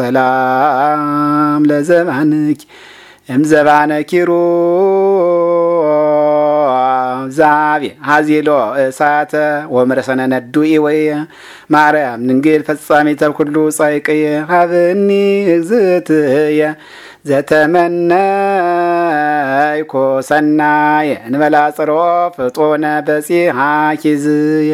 ሰላም ለዘባንኪ እምዘባነኪሮ ዛቤ ሀዜሎ እሳተ ወምረሰነ ነዱ ወይ ማርያም ንግል ፈጻሜተ ኩሉ ጻይቅየ ሀብኒ እግዝእትየ ዘተመነይኮ ኮሰናየ እንበላ ጽሮ ፍጦነ በጺሐ ኪዝየ